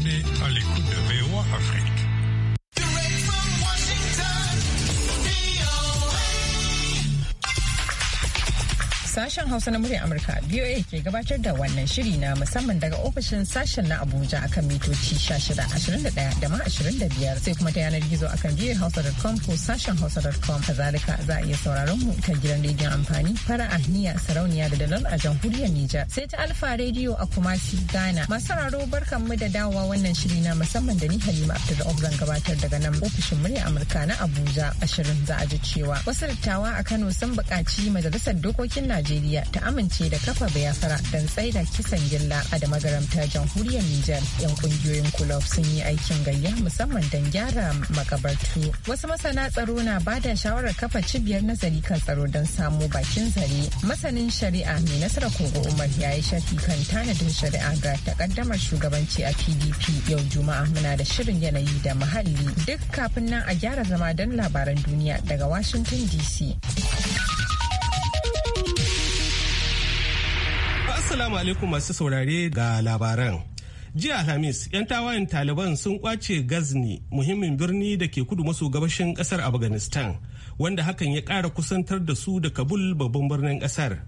est à l'écoute de VOA Afrique. Sashen Hausa na muryar Amurka VOA ke gabatar da wannan shiri na musamman daga ofishin sashen na Abuja akan mitoci 1621 da ma 25 sai kuma ta yanar gizo akan voahausa.com ko sashen hausa.com kazalika za a iya sauraron mu ta gidan rediyon amfani fara ahniya sarauniya da dalal a jamhuriyar Nijar sai ta Alfa rediyo a Kumasi Ghana. Masu sauraro barkan mu da dawowa wannan shiri na musamman da ni Halima Abdulrahman zan gabatar daga nan ofishin muryar Amurka na Abuja 20 za a ji cewa wasu dattawa a Kano sun buƙaci majalisar dokokin Najeriya Najeriya ta amince da kafa bayafara don tsaida kisan gilla a da magaramta jamhuriyar Nijar. 'Yan kungiyoyin kulob sun yi aikin gayya musamman don gyara makabartu. Wasu masana tsaro na ba da shawarar kafa cibiyar nazari kan tsaro don samu bakin zare. Masanin shari'a mai nasara kogo Umar ya yi shafi kan tanadin shari'a ga takaddamar shugabanci a PDP yau Juma'a muna da shirin yanayi da muhalli duk kafin nan a gyara zama don labaran duniya daga Washington DC. Assalamu alaikum masu saurare ga labaran. Jiya Alhamis, 'yan tawayen Taliban sun kwace Ghazni, muhimmin birni da ke kudu maso gabashin kasar Afghanistan, wanda hakan ya kara kusantar da su da Kabul babban birnin kasar.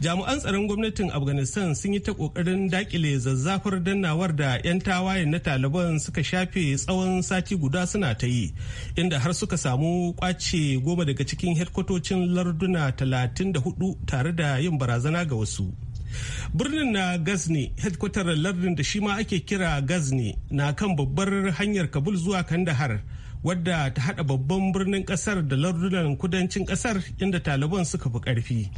Jami'an tsaron gwamnatin Afghanistan sun yi ta ƙoƙarin dakile zazzafar dannawar da 'yan tawayen na Taliban suka shafe tsawon sati guda suna ta yi, inda har suka samu kwace goma daga cikin hedkwatocin larduna 34 tare da yin barazana ga wasu. birnin na gazni headkwatar lardin da shi ma ake kira gazni na kan babbar hanyar kabul zuwa kandahar wadda ta hada babban birnin kasar da lardunan kudancin kasar inda taliban suka fi karfi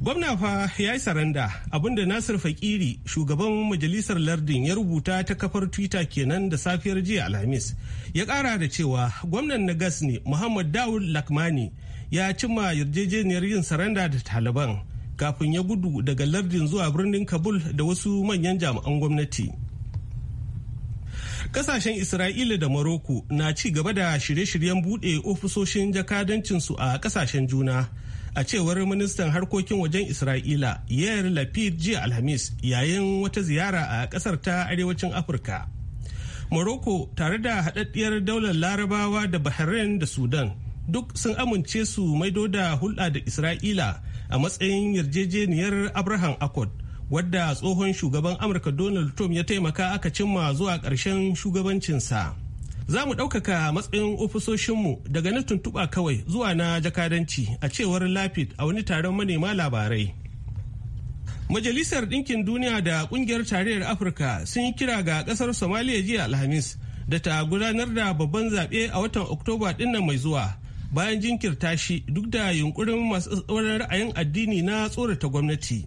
gwamna fa ya yi saranda abinda nasir fakiri shugaban majalisar lardin ya rubuta ta kafar twitter kenan da safiyar jiya alhamis ya kara da cewa gwamnan na gasni muhammad dawud lakmani ya cimma yarjejeniyar yin saranda da taliban kafin ya gudu daga lardin zuwa birnin kabul da wasu manyan jami'an gwamnati kasashen isra'ila da morocco na ci gaba da shirye-shiryen buɗe ofisoshin jakadancinsu a kasashen juna a cewar ministan harkokin wajen isra'ila yair lapid jiya alhamis yayin wata ziyara a kasar ta arewacin afirka morocco tare da haɗaɗɗiyar daular larabawa da bahrain da sudan duk sun amince su maido da hulɗa da isra'ila a matsayin yarjejeniyar Abraham Accord wadda tsohon shugaban Amurka Donald Trump ya taimaka aka cimma zuwa ƙarshen shugabancinsa. Za mu ɗaukaka matsayin ofisoshinmu daga na tuntuɓa kawai zuwa na jakadanci a cewar Lapid a wani taron manema labarai. Majalisar Ɗinkin Duniya da Ƙungiyar Tarayyar Afirka sun yi kira ga ƙasar somaliya jiya Alhamis da ta gudanar da babban zaɓe a watan Oktoba ɗinnan mai zuwa. bayan jinkirta shi duk da yunkurin masu tsoron ra'ayin addini na tsorata gwamnati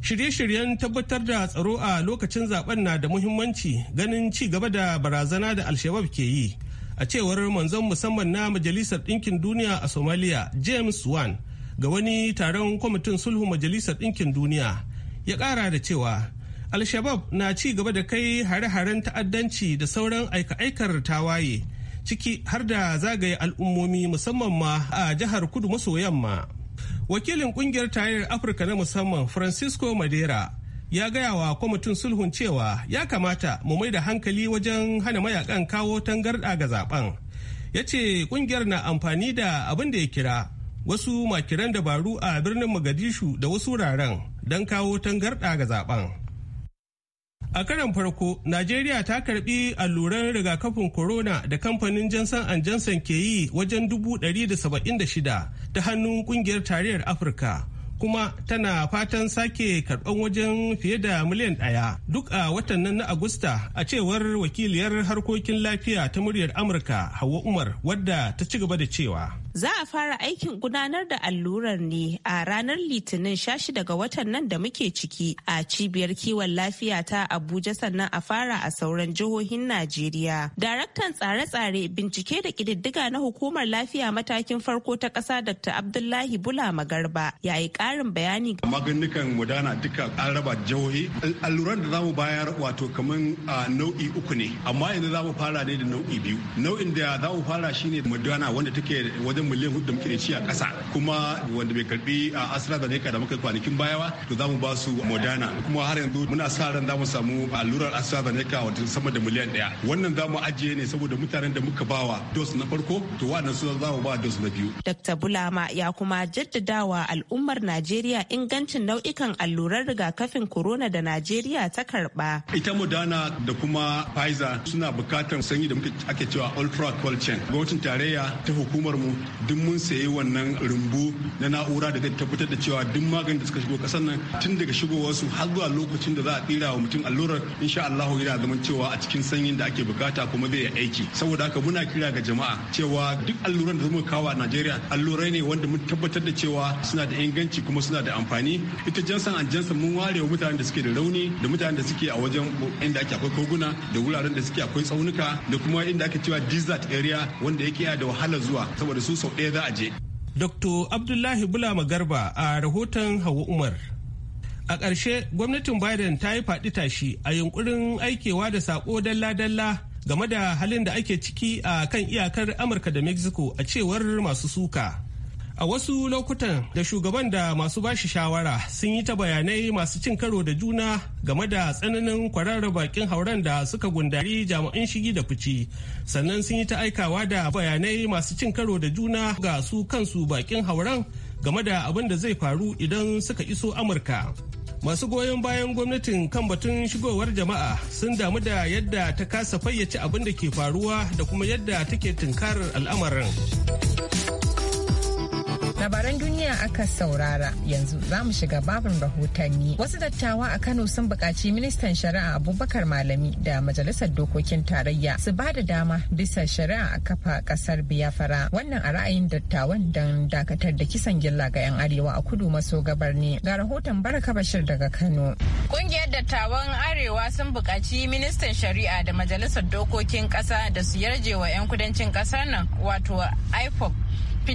shirye-shiryen tabbatar da tsaro a lokacin zaben na da muhimmanci ganin ci gaba da barazana da alshabab ke yi a cewar manzon musamman na majalisar ɗinkin duniya a somalia james wan ga wani taron kwamitin sulhu majalisar ɗinkin duniya ya ƙara da cewa alshabab na ci gaba da kai hare-haren ta'addanci da sauran aika-aikar tawaye ciki har da zagaye al'ummomi musamman ma a jihar kudu maso yamma wakilin kungiyar tarayyar afirka na musamman francisco madera ya gaya wa kwamitin sulhun cewa ya kamata mu mai da hankali wajen hana mayakan kawo tangarɗa ga zaben ya ce kungiyar na amfani da abin da ya kira wasu makiran dabaru a birnin mogadishu da wasu wuraren don kawo tangarɗa ga zaben A karan farko, Najeriya ta karbi alluran rigakafin corona da kamfanin jansan and jansan ke yi wajen dubu da da saba'in shida ta hannun kungiyar tarayyar Afirka. kuma tana fatan sake karɓar wajen fiye da miliyan ɗaya duk a watan nan na agusta a cewar wakiliyar harkokin lafiya ta muryar amurka hawa umar wadda ta ci gaba da cewa Za a fara aikin gudanar da allurar ne a ranar Litinin shashi daga watan nan da muke ciki a cibiyar kiwon lafiya ta Abuja sannan a fara a sauran jihohin Najeriya. Daraktan tsare-tsare bincike da ƙididdiga na hukumar lafiya matakin farko ta ƙasa Dr. Abdullahi Bula Magarba ya yi ƙarin bayani. Maganikan gudana duka an raba jihohi. Alluran da za mu bayar wato kamar nau'i uku ne amma yanzu za mu fara ne da nau'i biyu. Nau'in da za mu fara shine Mudana wanda take wajen adadin miliyan hudu da muke da shi a ƙasa kuma wanda bai karbi a AstraZeneca da muka kwanakin baya ba to za mu ba su Moderna kuma har yanzu muna sa ran za mu samu allurar AstraZeneca wato sama da miliyan ɗaya wannan za mu ajiye ne saboda mutanen da muka bawa dos na farko to wannan su za mu ba dos na biyu. Dr. Bulama ya kuma jaddadawa al'ummar Najeriya ingancin nau'ikan allurar rigakafin corona da Najeriya ta karba. Ita Moderna da kuma Pfizer suna bukatar sanyi da muke ake cewa ultra cold chain. Gwamnatin tarayya ta hukumar mu duk mun sayi wannan rumbu na na'ura da zai tabbatar da cewa duk magani da suka shigo kasar nan tun daga shigowarsu har zuwa lokacin da za a tsira wa mutum allurar insha Allah yana zaman cewa a cikin sanyin da ake bukata kuma zai aiki saboda haka muna kira ga jama'a cewa duk alluran da zamu kawo a Najeriya allurai ne wanda mun tabbatar da cewa suna da inganci kuma suna da amfani ita Johnson and Johnson mun warewa mutanen da suke da rauni da mutanen da suke a wajen inda ake akwai koguna da wuraren da suke akwai tsaunuka da kuma inda ake cewa desert area wanda yake da wahala zuwa saboda su sau ɗaya za a je. Dr. Abdullahi Bulama Garba a rahoton Hawa Umar. A ƙarshe gwamnatin Biden ta yi faɗi tashi a yunkurin aikewa da saƙo dalla-dalla game da halin da ake ciki a kan iyakar Amurka da Mexico a cewar masu suka. A wasu lokutan da shugaban da masu bashi shawara sun yi ta bayanai masu cin karo da juna game da tsananin kwararar bakin hauren da suka gundari jami'an shigi da fice Sannan sun yi ta aikawa da bayanai masu cin karo da juna ga su kansu bakin hauren game da abin da zai faru idan suka iso Amurka. masu goyon bayan gwamnatin kan batun shigowar jama'a sun damu da yadda ta kasa fayyace abin da ke faruwa da kuma yadda take tunkarar al'amarin. Labaran duniya aka saurara yanzu za mu shiga babin rahotanni. Wasu dattawa a Kano sun buƙaci ministan shari'a Abubakar Malami da majalisar dokokin tarayya su ba da dama bisa shari'a a kafa ƙasar biyafara Wannan a ra'ayin dattawan don dakatar da kisan gilla ga 'yan arewa a kudu maso gabar ne. Ga rahoton Baraka Bashir daga Kano. Kungiyar dattawan arewa sun buƙaci ministan shari'a da majalisar dokokin ƙasa da su yarje wa 'yan kudancin ƙasar nan wato IFOP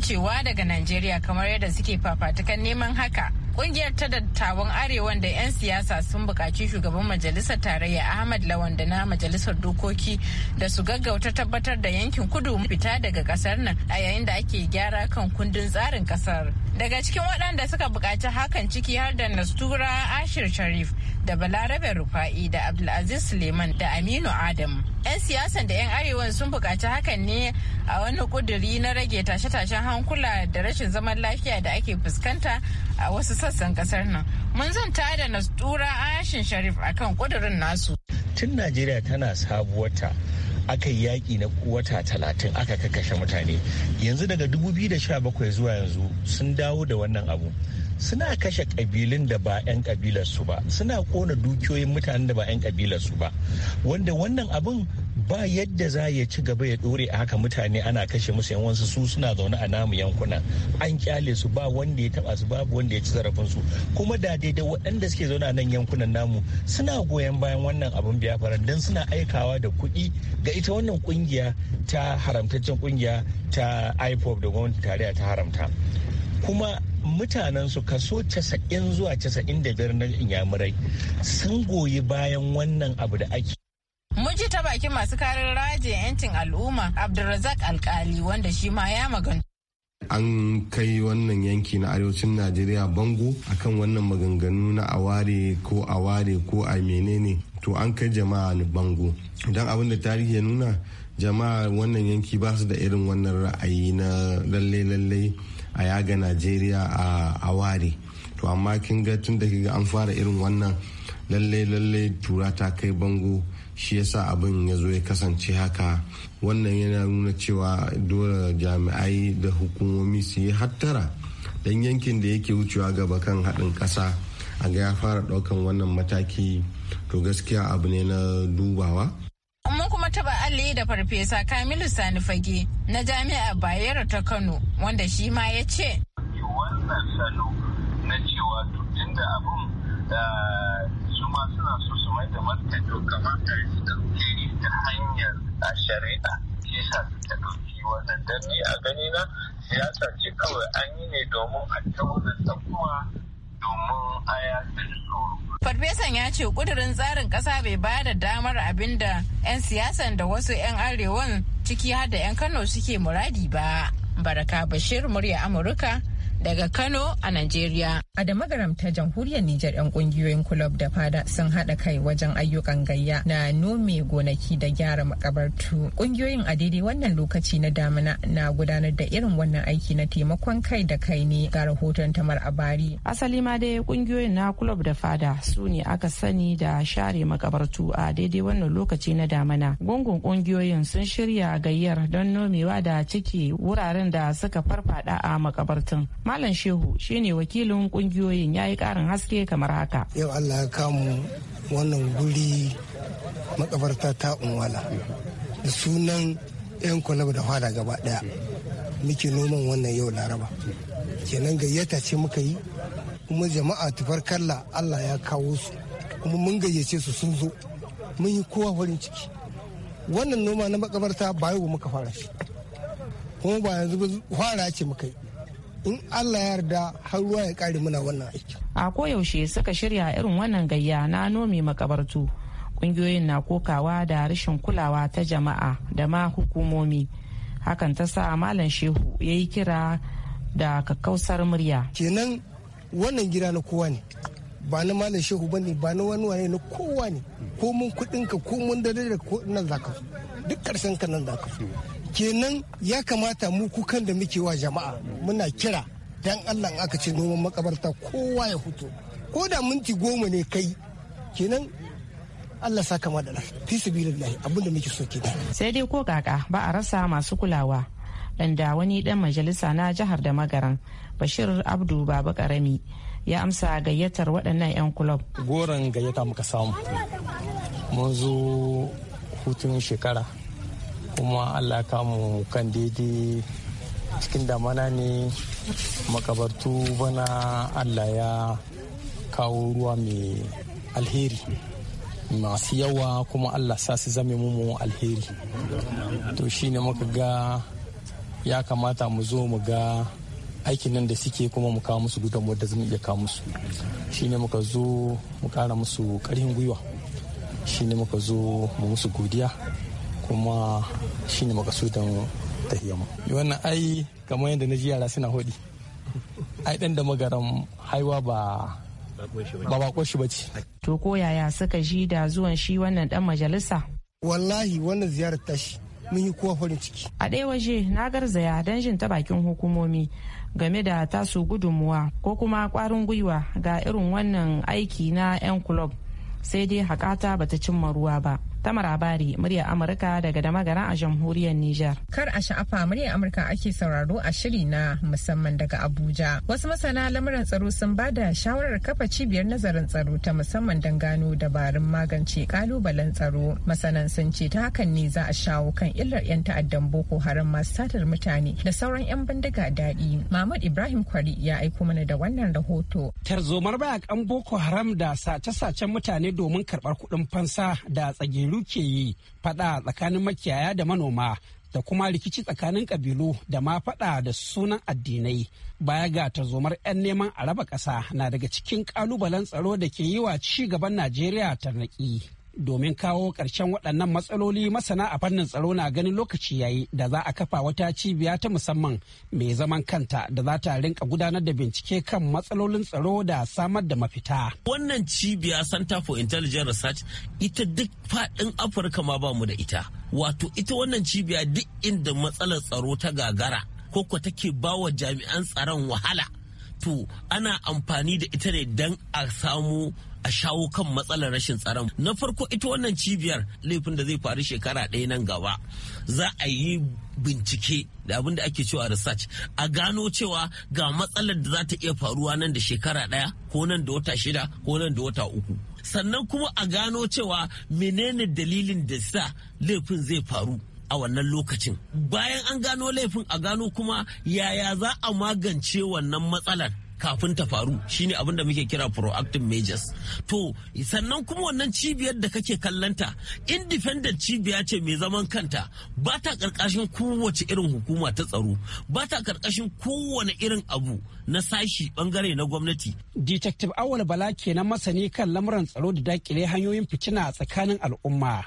ficewa daga Najeriya kamar yadda suke fafatukan neman haka. Kungiyar ta dattawan arewan da 'yan siyasa sun buƙaci shugaban majalisar tarayya Ahmad Lawan da na majalisar dokoki da su gaggauta tabbatar da yankin kudu fita daga ƙasar nan a yayin da ake gyara kan kundin tsarin ƙasar. Daga cikin waɗanda suka buƙaci hakan ciki har da Nastura Ashir Sharif da Balarabe Rufa'i da Abdulaziz Suleiman da Aminu Adam. 'Yan siyasan da 'yan arewa sun buƙaci hakan ne a wani ƙuduri na rage tashe-tashen hankula da rashin zaman lafiya da ake fuskanta a wasu sassan ƙasar nan. Mun zanta da Nastura Ashir Sharif akan ƙudurin nasu. Tun Najeriya tana sabuwata aka yi yaƙi na wata talatin aka kakashe mutane yanzu daga sha bakwai zuwa yanzu sun dawo da wannan abu suna kashe kabilun da ba 'yan kabilarsu ba suna kona dukiyoyin mutanen da ba 'yan kabilarsu ba wanda wannan abin ba yadda za ya ci gaba ya dore a haka mutane ana kashe musu yan wasu su suna zaune a namu yankuna an kyale su ba wanda ya taba su babu wanda ya ci zarafin su kuma da daidai waɗanda suke zaune a nan yankunan namu suna goyon bayan wannan abin biyafara don suna aikawa da kuɗi ga ita wannan kungiya ta haramtaccen kungiya ta ipop da gwamnati tarayya ta haramta kuma mutanen su kaso 90 zuwa 95 na inyamurai sun goyi bayan wannan abu da ake kakakin masu karin raje 'yancin al'umma Abdulrazak Alkali wanda shi ma ya magan an kai wannan yanki na arewacin najeriya bango akan wannan maganganu na aware ko aware ko a menene to an kai jama'a ni bango don abin da tarihi ya nuna jama'a wannan yanki ba su da irin wannan ra'ayi na lalle lalle a yaga najeriya a aware to amma kin ga tun da kiga an fara irin wannan lalle lalle tura ta kai bango shi yasa abin ya zo ya kasance haka wannan yana nuna cewa dole jami'ai da hukumomi su yi hattara don yankin da yake wucewa gaba kan haɗin ƙasa a ga ya fara ɗaukan wannan mataki to gaskiya abu ne na dubawa mun kuma taba alli da farfesa kamilu sani fage na jami'a bayero ta kano wanda shi ma ya ce wannan salo na cewa duk inda abun ah, wanda to kamata su ɗauke ta hanyar a shari'a ke sa su ta ɗauki wannan dan ni a gani na siyasa ce kawai an yi ne domin a taunata kuma domin a yakin tsoro. Farfesan ya ce kudurin tsarin ƙasa bai ba da damar abin da 'yan siyasan da wasu 'yan arewan ciki har da 'yan Kano suke muradi ba. Baraka Bashir murya Amurka daga Kano a Najeriya. A da magaramta jamhuriyar Nijar 'yan kungiyoyin kulob da fada sun haɗa kai wajen ayyukan gayya na nome gonaki da gyara makabartu. Kungiyoyin a daidai wannan lokaci na damina na gudanar da irin wannan aiki na taimakon kai da kai ne ga rahoton tamar abari. Asali ma dai kungiyoyin na kulob da fada su ne aka sani da share makabartu a daidai wannan lokaci na damina. Gungun kungiyoyin sun shirya gayyar don nomewa da ciki wuraren da suka farfada a makabartun. Malam Shehu shine wakilin kungiyoyin ya yi karin haske kamar haka. Yau Allah ya kamu wannan guri makabarta ta unwala da sunan 'yan kwalaba da fada gaba daya muke noman wannan yau laraba kenan gayyata ce muka yi kuma jama'a tufar kalla Allah ya kawo su kuma mun gayyace su sun zo mun yi kowa farin ciki wannan noma na makabarta ba yau muka fara shi kuma ba yanzu fara ce muka yi in allah ya yarda har ruwa ya kare muna wannan aiki a koyaushe suka shirya irin wannan gayya na nomi makabartu kungiyoyin na kokawa da rashin kulawa ta jama'a da ma hukumomi hakan ta sa malam shehu ya yi kira da kakkausar murya kenan wannan gida na kowa ne ba na malam shehu bane ba na wani wane na kowa ne ko mun kudin ka ko mun da da ko nan zaka duk karshen ka nan zaka kenan ya kamata mu kukan da muke wa jama'a muna kira dan Allah in aka ce noman makabarta kowa ya fito ko da minti goma ne kai kenan Allah sa kama da lafiya fi sabilillahi abinda muke so kenan sai dai ko kaka ba a rasa masu kulawa dan da wani dan majalisa na jihar da magaran Bashir Abdu Baba Karami ya amsa gayyatar waɗannan 'yan kulob. Goron gayyata muka samu. Mun zo hutun shekara kuma Allah kamu kan daidai cikin damana ne makabartu bana Allah ya kawo ruwa mai alheri masu yawa kuma Allah sa su zame mu alheri to shine muka ga ya kamata mu zo mu ga aikin nan da suke kuma mu kawo musu gudan wadda zamu iya kawo musu shine muka zo mu kara musu karhin gwiwa shine muka zo mu musu godiya kuma shine makasudan tahiyamu wannan ai kamar yadda na ji yara suna hodi ai dan da magaran haiwa ba ba bakon shi bace to ko yaya suka ji da zuwan shi wannan dan majalisa wallahi wannan ziyarar tashi mun yi kowa farin ciki. A ɗaya waje na garzaya don jin ta bakin hukumomi game da tasu gudunmuwa ko kuma ƙwarin gwiwa ga irin wannan aiki na 'yan kulob sai dai haƙata bata cimma ruwa ba. Tamar Abari, murya Amurka daga Damagara a jamhuriyar Nijar. Kar a sha'afa muryar Amurka ake sauraro a shiri na musamman daga Abuja. Wasu masana lamuran tsaro sun ba da shawarar kafa cibiyar nazarin tsaro ta musamman don gano dabarun magance kalubalen tsaro. Masanan sun ce ta hakan ne za a shawo kan illar 'yan ta'addan Boko Haram masu satar mutane da sauran 'yan bindiga daɗi. Mahmud Ibrahim Kwari ya aiko mana da wannan rahoto. Tarzomar kan Boko Haram da sace-sacen mutane domin karɓar kuɗin fansa da tsagiru kabilu ke yi fada tsakanin makiyaya da manoma da kuma rikici tsakanin kabilu da ma fada da sunan addinai baya ga tarzomar 'yan neman a raba ƙasa na daga cikin ƙalubalen tsaro da ke yi wa ci gaban najeriya tarnaƙi. domin kawo ƙarshen waɗannan matsaloli masana a fannin tsaro na ganin lokaci yayi da za a kafa wata cibiya ta musamman mai zaman kanta da za ta rinka gudanar da bincike kan matsalolin tsaro da samar da mafita. Wannan cibiya Center for Intelligent Research ita duk faɗin Afirka ma ba mu da ita. Wato ita wannan cibiya duk inda matsalar tsaro ta gagara ko ko take bawa jami'an tsaron wahala. To ana amfani da ita ne don a samu a shawo kan matsalar rashin tsaron na farko ita wannan cibiyar laifin da zai faru shekara ɗaya nan gaba za a yi bincike da abin da ake cewa research a gano cewa ga matsalar da za ta iya faruwa nan da shekara ɗaya ko nan da wata shida ko nan da wata uku sannan kuma a gano cewa menene dalilin da sa laifin zai faru a wannan lokacin bayan an gano laifin a gano kuma yaya za a magance wannan matsalar kafin ta faru shine abin da muke kira proactive measures to sannan kuma wannan cibiyar da kake kallanta independent cibiya ce mai zaman kanta ba ta karkashin kowace irin hukuma ta tsaro ba ta karkashin kowane irin abu na sashi bangare na gwamnati detective awal bala kenan masani kan lamuran tsaro da dakile hanyoyin fitina tsakanin al'umma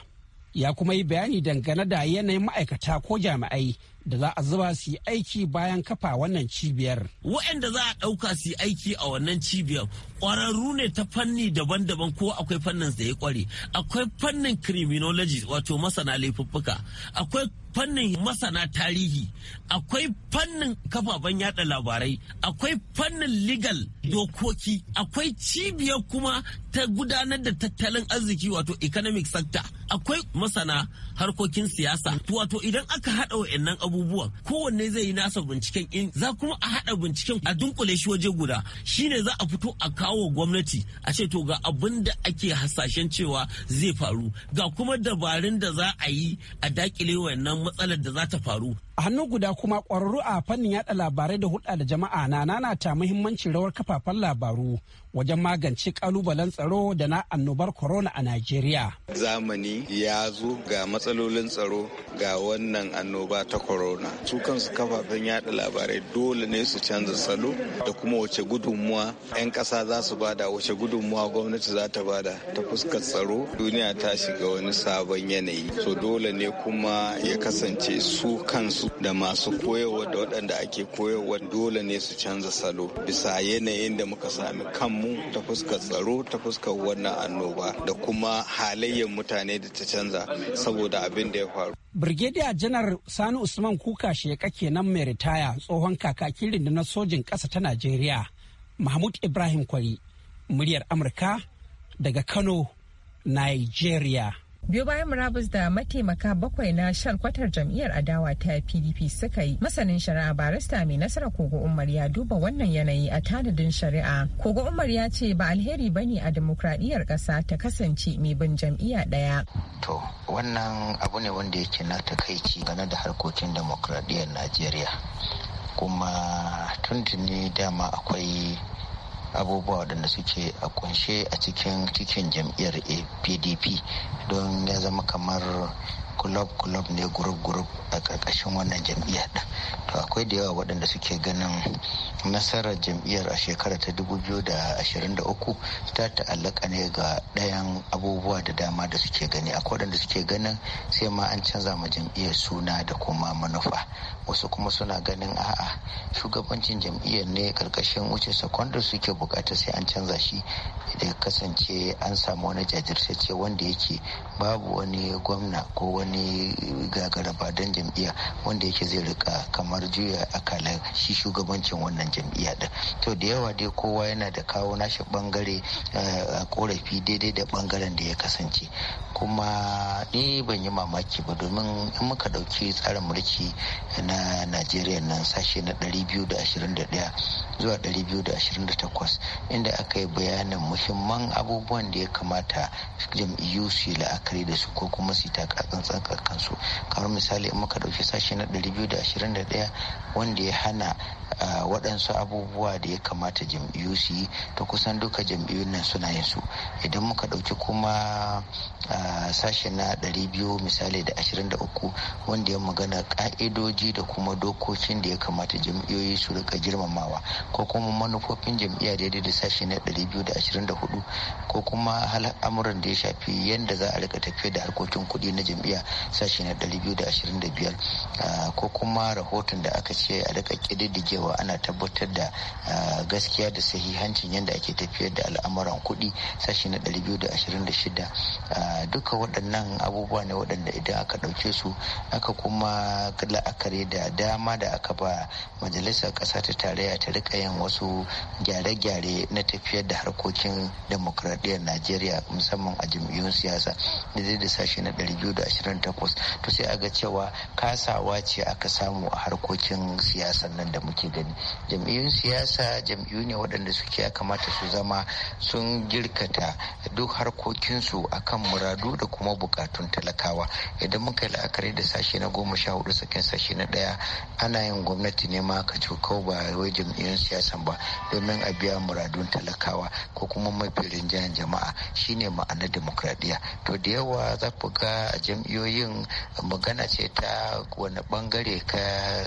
ya kuma yi bayani dangane da yanayin ma'aikata ko jami'ai da za a zuba su aiki bayan kafa wannan cibiyar. Waɗanda za a ɗauka su aiki a wannan cibiyar ƙwararru ne ta fanni daban-daban ko akwai fannin da ya ƙware. Akwai fannin criminology wato masana laifuffuka. Akwai fannin masana tarihi. Akwai fannin kafafen yada labarai. Akwai fannin legal dokoki. Akwai cibiyar kuma ta gudanar da tattalin arziki wato economic sector. Akwai masana harkokin siyasa. Wato idan aka haɗa wa'annan abubuwa abubuwan kowanne zai yi nasa binciken in za kuma a haɗa binciken a dunkule shi waje guda shine za a fito a kawo gwamnati a ce to ga abin da ake hasashen cewa zai faru ga kuma dabarun da za a yi a dakile wannan matsalar da za ta faru a hannu guda kuma kwararru a fannin yada labarai da hulɗa da jama'a na ta muhimmancin rawar kafafen labaru wajen magance kalubalen tsaro da na annobar corona a najeriya zamani ya zo ga matsalolin tsaro ga wannan annoba ta corona su kansu kafafen yada labarai dole ne su canza salo da kuma wace gudunmuwa 'yan ƙasa za su bada wace gudunmuwa gwamnati za ta bada ta fuskar tsaro duniya ta shiga wani sabon yanayi so dole ne kuma ya kasance su kansu da masu koyarwa da waɗanda ake koyarwa dole ne su canza salo bisa yanayin da muka sami kanmu ta fuskar tsaro ta fuskar wannan annoba da kuma halayyar mutane da ta canza saboda abin da ya faru. Brigadier Janar Sani Usman Kuka sheka kenan mai ritaya tsohon kakakin na sojin ƙasa ta Najeriya Mahmud Ibrahim Kwari muryar Amurka daga Kano, Nigeria. biyo bayan murabus da mataimaka bakwai na shalkwatar jam'iyyar adawa ta pdp suka yi masanin shari'a barista mai nasara kogo umar ya duba wannan yanayi a tanadin shari'a kogo umar ya ce ba alheri ba ne a demokradiyyar kasa ta kasance mai bin jam'iyya daya. to wannan abu ne wanda yake na takaici game da harkokin demokradiyyar najeriya kuma ni dama akwai abubuwa waɗanda suke a kunshe a cikin cikin jam'iyyar pdp don ya zama kamar club club ne group group a ƙarƙashin wannan jam'iyyar ɗin to akwai da yawa waɗanda suke ganin nasarar jam'iyyar a shekara ta 2023 ta ta'allaka ne ga ɗayan abubuwa da dama da suke gani akwai waɗanda suke ganin sai ma an canza ma jam'iyyar suna da kuma manufa wasu kuma suna ganin a'a shugabancin jam'iyyar ne ƙarƙashin wuce secondary suke bukata sai an canza shi da kasance an samu wani jajirtacce wanda yake babu wani gwamna ko wani wani gagaraba don jam'iyya wanda yake zai rika kamar juya akalai shi shugabancin wannan jam'iyya din to da yawa dai kowa yana da kawo nashi bangare eh, a korafi daidai da bangaren da ya kasance kuma ni ban yi mamaki ba domin in muka dauki tsarin mulki na najeriya nan sashe na 221 zuwa 228 inda aka yi bayanin muhimman abubuwan da ya kamata jam'iyyu su yi la'akari da su ko kuma su yi takatsantsan kansu kamar misali in muka ɗauki sashe na 221 wanda ya hana waɗansu abubuwa da ya kamata jam'iyyu su yi ta kusan duka jam'iyyu nan suna yin su idan muka ɗauki kuma sashe na 200 misali da 23 wanda ya magana ka'idoji da kuma dokokin da ya kamata jam'iyyoyi su rika girmamawa ko kuma manufofin jam'iyya daidai da sashi na 224 ko kuma al'amuran da ya shafi yadda za a rika tafiya da harkokin kuɗi na jam'iyya sashi na 225 ko kuma rahoton da aka ce a rika ƙididdigewa ana tabbatar da gaskiya da sahihancin yadda ake tafiyar da al'amuran kuɗi sashi na 226 duka waɗannan abubuwa ne waɗanda idan aka ɗauke su aka kuma la'akari da dama da aka ba majalisar ƙasa ta tarayya ta rika yin wasu gyare-gyare na tafiyar da harkokin demokradiyyar najeriya musamman a jam'iyyun siyasa da da sashe na 228 to sai a ga cewa kasawa ce aka samu a harkokin siyasan nan da muke gani jam'iyyun siyasa jam'iyyu ne waɗanda suke ya kamata su zama sun girkata duk harkokinsu akan muradu da kuma bukatun talakawa idan muka yi la'akari da sashe na goma sha hudu sakin sashe na ɗaya ana yin gwamnati ne ma ka ba wai jam'iyyun siyasan ba domin a biya muradun talakawa ko kuma mafi rinjayen jama'a shine ma'ana demokradiyya to da yawa za ku ga a jam'iyoyin magana ce ta wani bangare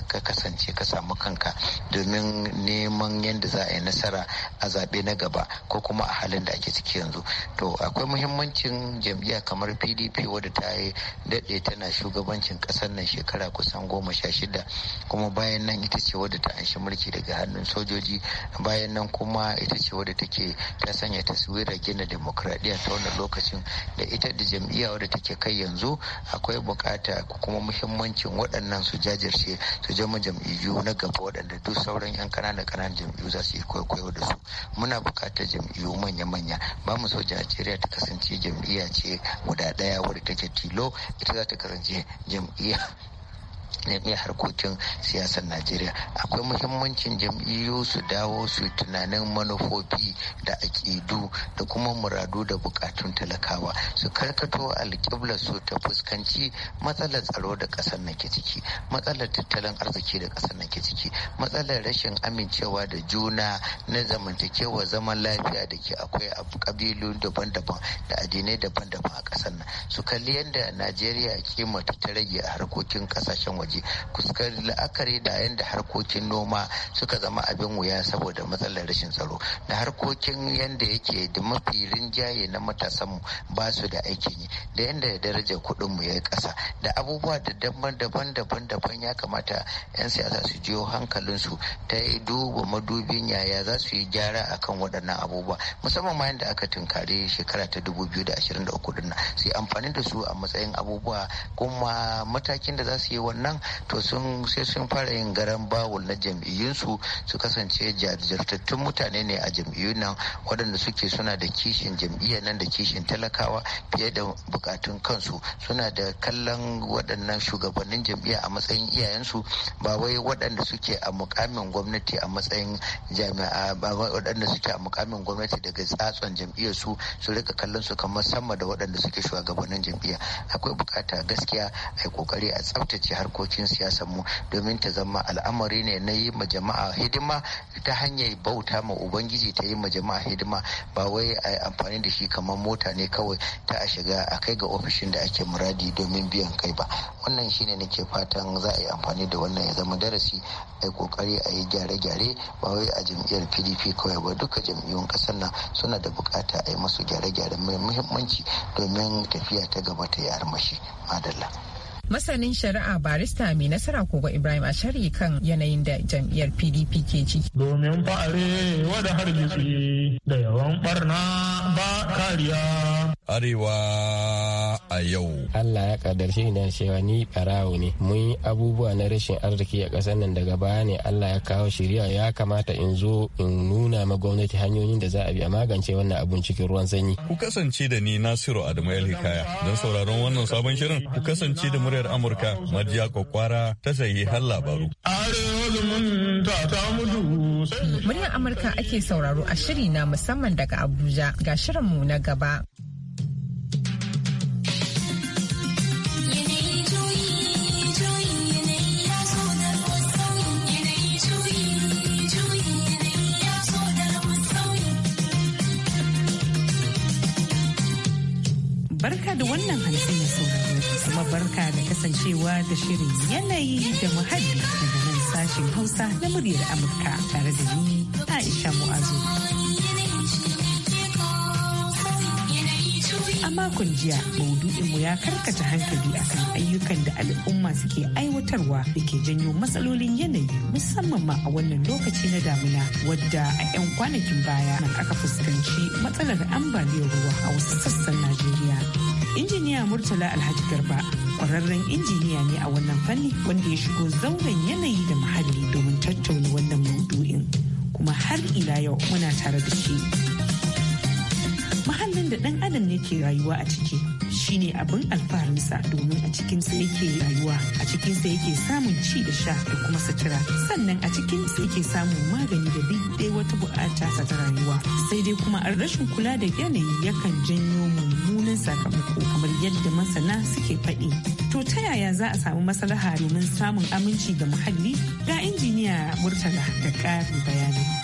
ka kasance ka samu kanka domin neman yadda za a yi nasara a zaɓe na gaba ko kuma a halin da ake ciki yanzu to akwai muhimmancin jam'iyya kamar pdp wadda ta yi daɗe tana shugabancin ƙasar nan shekara kusan goma sha shida kuma bayan nan ita ce wadda ta anshi mulki daga hannun soja sojoji bayan nan kuma ita ce wadda take ta sanya taswirar gina demokradiyya ta wannan lokacin da ita da jam'iyya wadda take kai yanzu akwai bukata kuma muhimmancin waɗannan su jajirce su jama jam'iyyu na gaba waɗanda duk sauran 'yan ƙananan ƙananan jam'iyyu za su yi kwaikwayo da su muna bukatar jam'iyyu manya-manya ba mu so Najeriya ta kasance jam'iyya ce guda ɗaya wadda take tilo ita za ta kasance jam'iyya jami'ar harkokin siyasar najeriya akwai muhimmancin jam'iyyu su dawo su tunanin manufofi da aƙidu da kuma muradu da bukatun talakawa su karkato alƙiblar su ta fuskanci matsalar tsaro da ƙasar nake ciki matsalar tattalin arziki da ƙasar nake ciki matsalar rashin amincewa da juna na zamantakewa zaman lafiya da ke akwai a ƙabilu daban-daban da addinai daban-daban a ƙasar nan su kalli yadda najeriya kima ta rage a harkokin ƙasashen waje daji kuskar la'akari da da harkokin noma suka zama abin wuya saboda matsalar rashin tsaro da harkokin yadda yake da mafi rinjaye na matasanmu ba su da aikin yi da yadda darajar mu ya yi ƙasa da abubuwa da daban-daban daban ya kamata 'yan siyasa su jiyo hankalinsu ta yi duba madubin yaya za su yi gyara akan waɗannan abubuwa musamman ma yadda aka tunkari shekara ta 2023 dinnan su yi amfani da su a matsayin abubuwa kuma matakin da za su yi wannan to sun sai sun fara yin garan bawul na jam'iyyunsu su kasance jajirtattun mutane ne a jam'iyyun nan waɗanda suke suna da kishin jam'iyya nan da kishin talakawa fiye da bukatun kansu suna da kallon waɗannan shugabannin jam'iyya a matsayin iyayensu ba wai waɗanda suke a mukamin gwamnati a matsayin jami'a ba waɗanda suke a mukamin gwamnati daga tsatson jam'iyyar su su rika kallon su kamar sama da waɗanda suke shugabannin jam'iyya akwai bukata gaskiya a yi kokari a tsaftace harkokin harkocin siyasar mu domin ta zama al'amari ne na yi ma jama'a hidima ta hanyar bauta ma ubangiji ta yi ma jama'a hidima ba wai a amfani da shi kamar mota ne kawai ta a shiga a kai ga ofishin da ake muradi domin biyan kai ba wannan shine nake fatan za a yi amfani da wannan ya zama darasi a yi kokari a yi gyare-gyare ba wai a jam'iyyar pdp kawai ba duka jam'iyyun kasar nan suna da bukata a yi masu gyare-gyare mai muhimmanci domin tafiya ta gaba ta yi armashi madalla masanin shari'a barista mai nasara kogo ibrahim a shari'a kan yanayin da jam'iyyar pdp ke ciki domin fa'are wada hargitsi da yawan barna ba kariya Arewa a yau. Allah ya kadarci da cewa ni barawo ne. Mun abubuwa na rashin arziki a ƙasar nan daga baya ne Allah ya kawo shirya ya kamata in zo in nuna ma gwamnati hanyoyin da za a bi a magance wannan abun cikin ruwan sanyi. Ku kasance da ni Nasiru Adamu el Hikaya don sauraron wannan sabon shirin ku kasance da muryar Amurka Madiya Kwakwara ta sayi har labaru. Muryar Amurka ake sauraro a shiri na musamman daga Abuja ga shirinmu na gaba. Barka da wannan hantsi na kuma barka da kasancewa da shirin yanayi da muhalli daga nan sashen Hausa na muryar Amurka tare da ni Aisha Mu'azu. a makon jiya maudu'inmu ya karkata hankali akan ayyukan da al'umma suke aiwatarwa da ke janyo matsalolin yanayi musamman ma a wannan lokaci na damina wadda a 'yan kwanakin baya nan aka fuskanci matsalar ambaliyar ruwa a wasu sassan najeriya injiniya murtala alhaji garba kwararren injiniya ne a wannan fanni wanda ya shigo zauren yanayi da muhalli domin tattauna wannan maudu'in kuma har ila yau muna tare da shi mahallin da ɗan adam yake rayuwa a ciki shine abin alfaharinsa domin a cikinsa yake rayuwa a cikinsa yake samun ci da sha da kuma sutura sannan a cikinsa yake samun magani da duk dai wata buƙata sa ta rayuwa sai dai kuma an rashin kula da yanayi yakan janyo mummunan sakamako kamar yadda masana suke faɗi to ta yaya za a samu maslaha domin samun aminci ga muhalli ga injiniya murtala da ƙarin bayani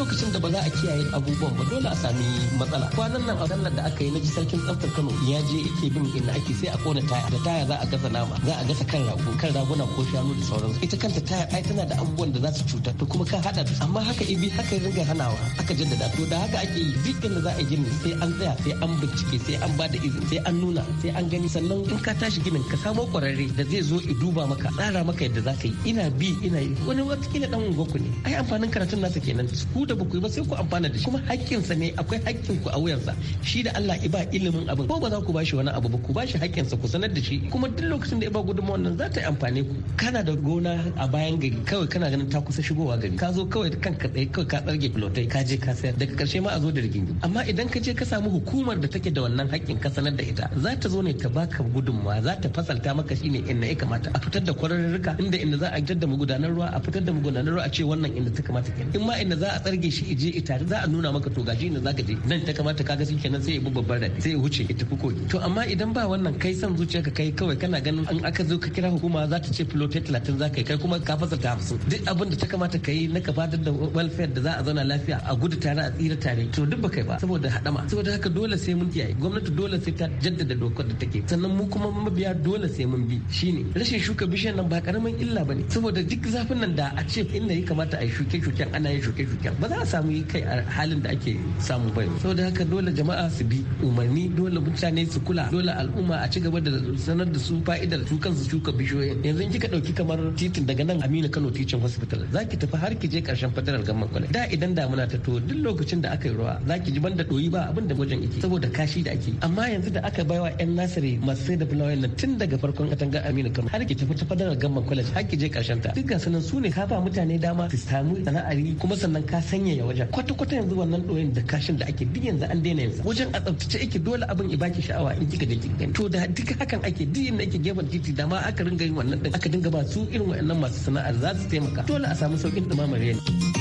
lokacin da ba za a kiyaye abubuwan ba dole a sami matsala kwanan nan a da aka yi na ji sarkin tsaftar kano ya je yake bin inda ake sai a kona taya da taya za a gasa nama za a gasa kan rago kan raguna ko shanu da sauransu ita kanta taya ai tana da abubuwan da za su cutar to kuma ka hada su. amma haka ibi haka ringa hanawa aka jaddada to da haka ake yi duk inda za a gini sai an tsaya sai an bincike sai an ba da izini sai an nuna sai an gani sannan in ka tashi ginin ka samo kwararre da zai zo i duba maka tsara maka yadda za ka yi ina bi ina yi wani watakila dan unguwa ne ai amfanin karatun nasa kenan ku da ba ku yi ba sai ku amfana da shi kuma haƙƙinsa ne akwai haƙƙin ku a wuyarsa shi da Allah ba ilimin abin ko ba za ku bashi wani abu ba ku bashi haƙƙinsa ku sanar da shi kuma duk lokacin da iba gudunmawa wannan za ta amfane ku kana da gona a bayan gari kawai kana ganin ta kusa shigowa gari ka zo kawai kanka tsaye kawai ka tsarge filotai ka je ka sayar daga karshe ma a zo da rigingi amma idan ka je ka samu hukumar da take da wannan haƙƙin ka sanar da ita za ta zo ne ta baka gudunmawa za ta fasalta maka shine inda ya kamata a fitar da kwararruka inda inda za a fitar da magudanar ruwa a fitar da magudanar ruwa a ce wannan inda ta kamata kenan in ma inda za a tsarge rage shi ije tare za a nuna maka to gaji na zaka je nan ta kamata kaga shi kenan sai ya bi babbar rabi sai ya wuce ita fuko to amma idan ba wannan kai san zuciya ka kai kawai kana ganin an aka zo ka kira hukuma za ta ce filote talatin za ka yi kai kuma ka fasa ta 50 duk abin da ta kamata ka yi na ka da welfare da za a zauna lafiya a gudu tare a tsira tare to duk ba kai ba saboda hadama saboda haka dole sai mun kiyaye gwamnati dole sai ta jaddada dokar da take sannan mu kuma mabiya dole sai mun bi shine rashin shuka bishiyar nan ba karamin illa bane saboda duk zafin nan da a ce inda ya kamata a yi shuke-shuken ana yin shuke-shuken ba za a samu kai a halin da ake samu bai saboda haka dole jama'a su bi umarni dole mutane su kula dole al'umma a ci gaba da sanar da su fa'idar su kansu shuka bishiyoyin yanzu kika dauki kamar titin daga nan Aminu Kano titin hospital za ki tafi har ki je karshen fadarar gamman kwale da idan damuna ta to duk lokacin da aka yi ruwa za ki ji banda doyi ba abin da wajen yake saboda kashi da ake amma yanzu da aka wa yan nasiri masu sai da fulawa nan tun daga farkon katangar Aminu Kano har ki tafi ta fadarar gamman kwale har ki je karshen ta duk gasu su ne ka mutane dama su samu sana'ari kuma sannan ka sanyaya wajen kwata-kwata yanzu wannan ɗoyin da kashin da ake duk yanzu an daina yanzu wajen a tsaftace ake dole abin ya baki sha'awa in kika je kika gani to da duka hakan ake duk yanda ake gefen titi da ma aka ringa yin wannan din aka dinga ba su irin waɗannan masu sana'ar za su taimaka dole a samu sauƙin dumamar yanki.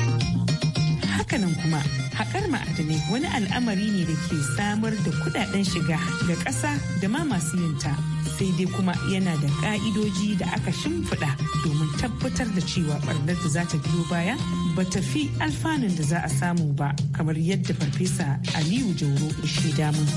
Hakanan kuma haƙar ma'adanai wani al'amari ne da ke samar da kudaden shiga ga ƙasa da ma masu yinta. sai dai kuma yana da ƙa'idoji da aka shimfiɗa domin tabbatar da cewa ɓarnar da za ta biyo baya ba ta fi alfanun da za a samu ba kamar yadda farfesa aliyu jauro ya shaida mun.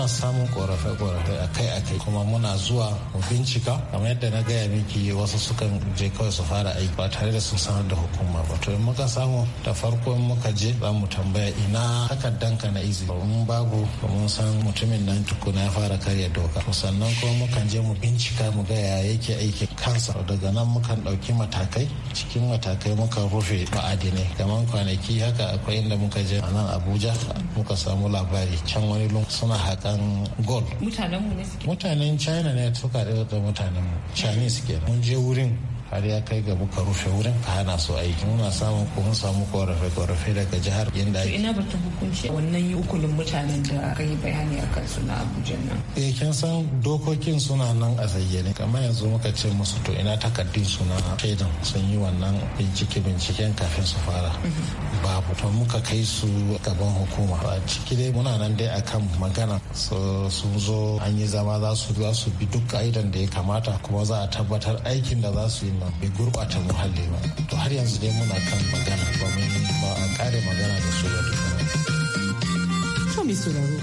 muna samun korafe-korafe akai-akai kuma muna zuwa mu bincika kamar yadda na gaya miki wasu sukan je kawai su fara aiki ba tare da sun sanar da hukuma ba to in muka samu da farko in muka je za mu tambaya ina takardanka na izi in babu mun san mutumin nan tukuna ya fara karya doka to sannan kuma mukan je mu bincika mu ga ya yake aiki kansa daga nan mukan ɗauki matakai cikin matakai muka rufe ma'adinai kamar kwanaki haka akwai inda muka je a nan abuja muka samu labari can wani suna haka karban gold mutanen mu ne suke mutanen china ne suka da mutanen mu chinese suke mun je wurin har ya kai ga muka rufe wurin a hana su aiki muna samun ko mun samu korafe korafe daga jihar yadda ake ina batun hukunci wannan yi ukulin mutanen da aka yi bayani a kan na abuja nan eh kin san dokokin suna nan a zayyane kamar yanzu muka ce musu to ina takardun suna shaidan sun yi wannan bincike binciken kafin su fara mm-hmm. ba to muka kai su gaban hukuma a ciki dai muna nan dai akan magana sun zo an yi zama za su bi duk ka'idan da ya kamata kuma za a tabbatar aikin da za su yi nan bai gurɓata muhalli ba to har yanzu dai muna kan magana ba mun ba a kare magana da su da duka to mai sauraro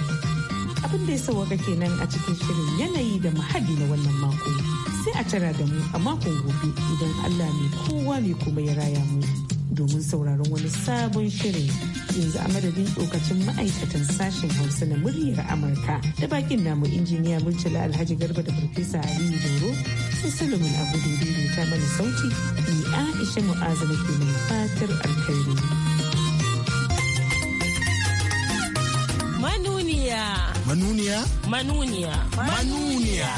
abin da ya sauwaka kenan a cikin shirin yanayi da muhalli na wannan mako sai a tara da mu a makon gobe idan Allah ne kowa ne kuma ya raya mu domin sauraron wani sabon shirin yanzu a madadin tsokacin ma'aikatan sashen hausa na muryar amurka da bakin namu injiniya murtala alhaji garba da farfesa aliyu doro Dadi Solomon abu da ta mana sauti ni Aisha Mu'azu ke mai fatar alkhairi. Manuniya. Manuniya? Manuniya. Manuniya.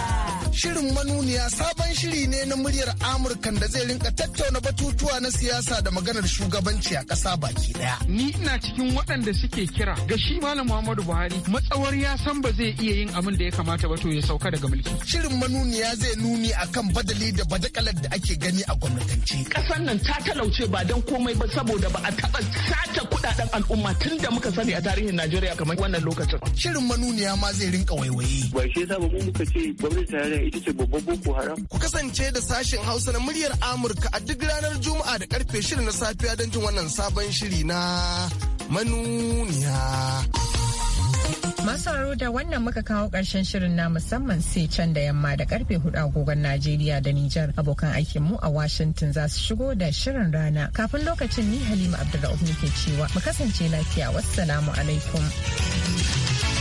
Shirin manuniya sabon shiri ne na muryar Amurkan da zai rinka tattauna batutuwa na siyasa da maganar shugabanci a ƙasa baki ɗaya. Ni ina cikin waɗanda suke kira ga shi Malam Muhammadu Buhari matsawar ya san ba zai iya yin abin da ya kamata ba to ya sauka daga mulki. Shirin manuniya zai nuni akan badali da badakalar da ake gani a gwamnatance. Ƙasar nan ta talauce ba don komai ba saboda ba a taɓa ta kudaden al'umma tun da muka sani a tarihin Najeriya kamar wannan lokacin. Shirin manuniya ma zai rinka waiwaye. Ba shi yasa mu muka ce gwamnati tarayya ita ce babban boko haram. Ku kasance da sashen Hausa na muryar Amurka a duk ranar Juma'a da karfe shirin na safiya don jin wannan sabon shiri na manuniya. Masu da wannan muka kawo ƙarshen shirin na musamman sai can da yamma da karfe hudu agogon Najeriya da Nijar abokan aikin mu a Washington za su shigo da shirin rana. Kafin lokacin ni Halima abdullahi ke cewa mu kasance lafiya wassalamu alaikum.